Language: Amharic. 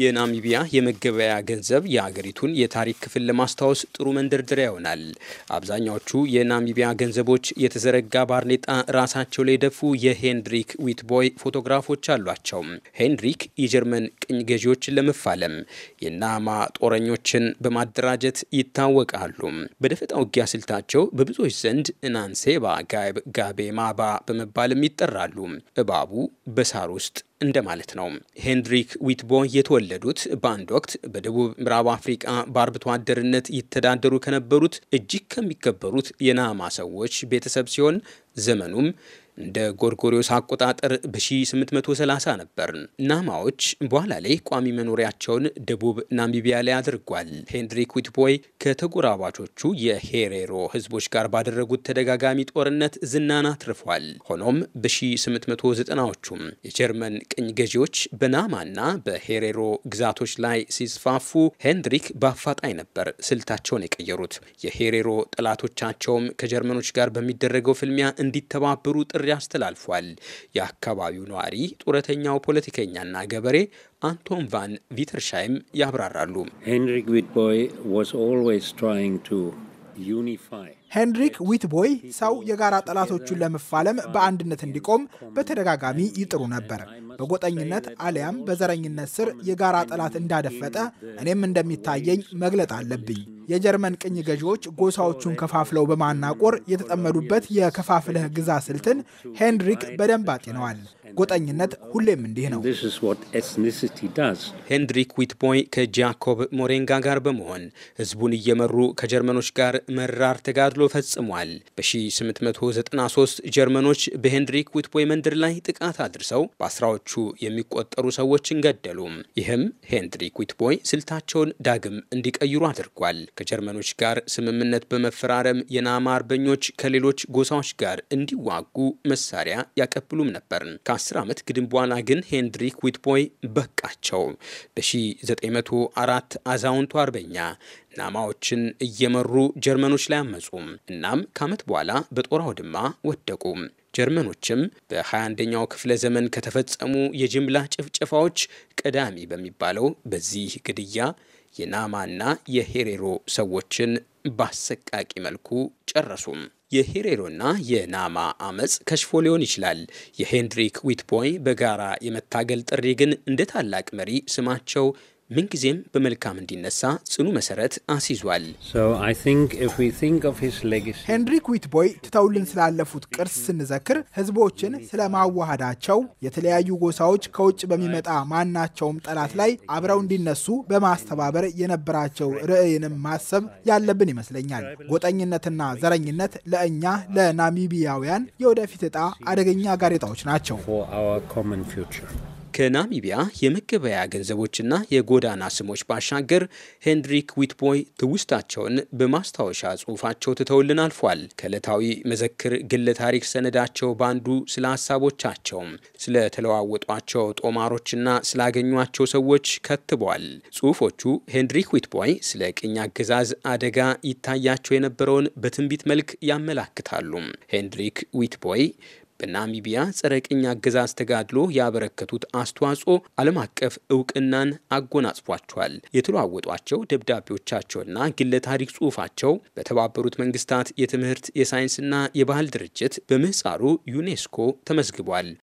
የናሚቢያ የመገበያያ ገንዘብ የአገሪቱን የታሪክ ክፍል ለማስታወስ ጥሩ መንደርደሪያ ይሆናል። አብዛኛዎቹ የናሚቢያ ገንዘቦች የተዘረጋ ባርኔጣ ራሳቸው ላይ የደፉ የሄንድሪክ ዊትቦይ ፎቶግራፎች አሏቸው። ሄንድሪክ የጀርመን ቅኝ ገዢዎችን ለመፋለም የናማ ጦረኞችን በማደራጀት ይታወቃሉ። በደፈጣ ውጊያ ስልታቸው በብዙዎች ዘንድ እናንሴባ ጋቤ ማባ በመባልም ይጠራሉ። እባቡ በሳር ውስጥ እንደማለት ነው። ሄንድሪክ ዊትቦ የተወለዱት በአንድ ወቅት በደቡብ ምዕራብ አፍሪቃ በአርብቶ አደርነት ይተዳደሩ ከነበሩት እጅግ ከሚከበሩት የናማ ሰዎች ቤተሰብ ሲሆን ዘመኑም እንደ ጎርጎሪዮስ አቆጣጠር በ1830 ነበር። ናማዎች በኋላ ላይ ቋሚ መኖሪያቸውን ደቡብ ናሚቢያ ላይ አድርጓል። ሄንድሪክ ዊትቦይ ከተጎራባቾቹ የሄሬሮ ህዝቦች ጋር ባደረጉት ተደጋጋሚ ጦርነት ዝናን አትርፏል። ሆኖም በ1890ዎቹም የጀርመን ቅኝ ገዢዎች በናማና በሄሬሮ ግዛቶች ላይ ሲስፋፉ ሄንድሪክ በአፋጣኝ ነበር ስልታቸውን የቀየሩት። የሄሬሮ ጠላቶቻቸውም ከጀርመኖች ጋር በሚደረገው ፍልሚያ እንዲተባበሩ ጥሪ ጥሪ አስተላልፏል። የአካባቢው ነዋሪ ጡረተኛው ፖለቲከኛና ገበሬ አንቶን ቫን ቪተርሻይም ያብራራሉ። ሄንሪክ ዊትቦይ ዋስ ኦልዌይስ ትራይንግ ቱ ዩኒፋይ ሄንሪክ ዊትቦይ ሰው የጋራ ጠላቶቹን ለመፋለም በአንድነት እንዲቆም በተደጋጋሚ ይጥሩ ነበር። በጎጠኝነት አሊያም በዘረኝነት ስር የጋራ ጠላት እንዳደፈጠ እኔም እንደሚታየኝ መግለጥ አለብኝ። የጀርመን ቅኝ ገዢዎች ጎሳዎቹን ከፋፍለው በማናቆር የተጠመዱበት የከፋፍለህ ግዛ ስልትን ሄንድሪክ በደንብ አጤነዋል። ጎጠኝነት ሁሌም እንዲህ ነው። ሄንድሪክ ዊትቦይ ከጃኮብ ሞሬንጋ ጋር በመሆን ህዝቡን እየመሩ ከጀርመኖች ጋር መራር ተጋድሎ ፈጽሟል። በ1893 ጀርመኖች በሄንድሪክ ዊትቦይ መንደር ላይ ጥቃት አድርሰው በአስራዎቹ በሺዎቹ የሚቆጠሩ ሰዎችን ገደሉ። ይህም ሄንድሪክ ዊትቦይ ስልታቸውን ዳግም እንዲቀይሩ አድርጓል። ከጀርመኖች ጋር ስምምነት በመፈራረም የናማ አርበኞች ከሌሎች ጎሳዎች ጋር እንዲዋጉ መሳሪያ ያቀብሉም ነበር። ከአስር ዓመት ግድም በኋላ ግን ሄንድሪክ ዊትቦይ በቃቸው። በ1904 አዛውንቱ አርበኛ ናማዎችን እየመሩ ጀርመኖች ላይ አመጹ። እናም ከዓመት በኋላ በጦር አውድማ ወደቁ። ጀርመኖችም በ21ኛው ክፍለ ዘመን ከተፈጸሙ የጅምላ ጭፍጨፋዎች ቀዳሚ በሚባለው በዚህ ግድያ የናማና የሄሬሮ ሰዎችን በአሰቃቂ መልኩ ጨረሱም። የሄሬሮና የናማ አመፅ ከሽፎ ሊሆን ይችላል። የሄንድሪክ ዊትቦይ በጋራ የመታገል ጥሪ ግን እንደ ታላቅ መሪ ስማቸው ምንጊዜም በመልካም እንዲነሳ ጽኑ መሰረት አስይዟል። ሄንሪክ ዊትቦይ ትተውልን ስላለፉት ቅርስ ስንዘክር ህዝቦችን ስለማዋሃዳቸው የተለያዩ ጎሳዎች ከውጭ በሚመጣ ማናቸውም ጠላት ላይ አብረው እንዲነሱ በማስተባበር የነበራቸው ርዕይንም ማሰብ ያለብን ይመስለኛል። ጎጠኝነትና ዘረኝነት ለእኛ ለናሚቢያውያን የወደፊት ዕጣ አደገኛ ጋሬጣዎች ናቸው። ከናሚቢያ የመገበያያ ገንዘቦችና የጎዳና ስሞች ባሻገር ሄንድሪክ ዊትቦይ ትውስታቸውን በማስታወሻ ጽሑፋቸው ትተውልን አልፏል። ከዕለታዊ መዘክር ግለ ታሪክ ሰነዳቸው ባንዱ ስለ ሀሳቦቻቸውም ስለተለዋወጧቸው ጦማሮችና ስላገኟቸው ሰዎች ከትቧል። ጽሑፎቹ ሄንድሪክ ዊትቦይ ስለ ቅኝ አገዛዝ አደጋ ይታያቸው የነበረውን በትንቢት መልክ ያመላክታሉ። ሄንድሪክ ዊትቦይ በናሚቢያ ጸረ ቅኝ አገዛዝ ተጋድሎ ያበረከቱት አስተዋጽኦ ዓለም አቀፍ እውቅናን አጎናጽፏቸዋል። የተለዋወጧቸው ደብዳቤዎቻቸውና ግለ ታሪክ ጽሑፋቸው በተባበሩት መንግስታት የትምህርት የሳይንስና የባህል ድርጅት በምህፃሩ ዩኔስኮ ተመዝግቧል።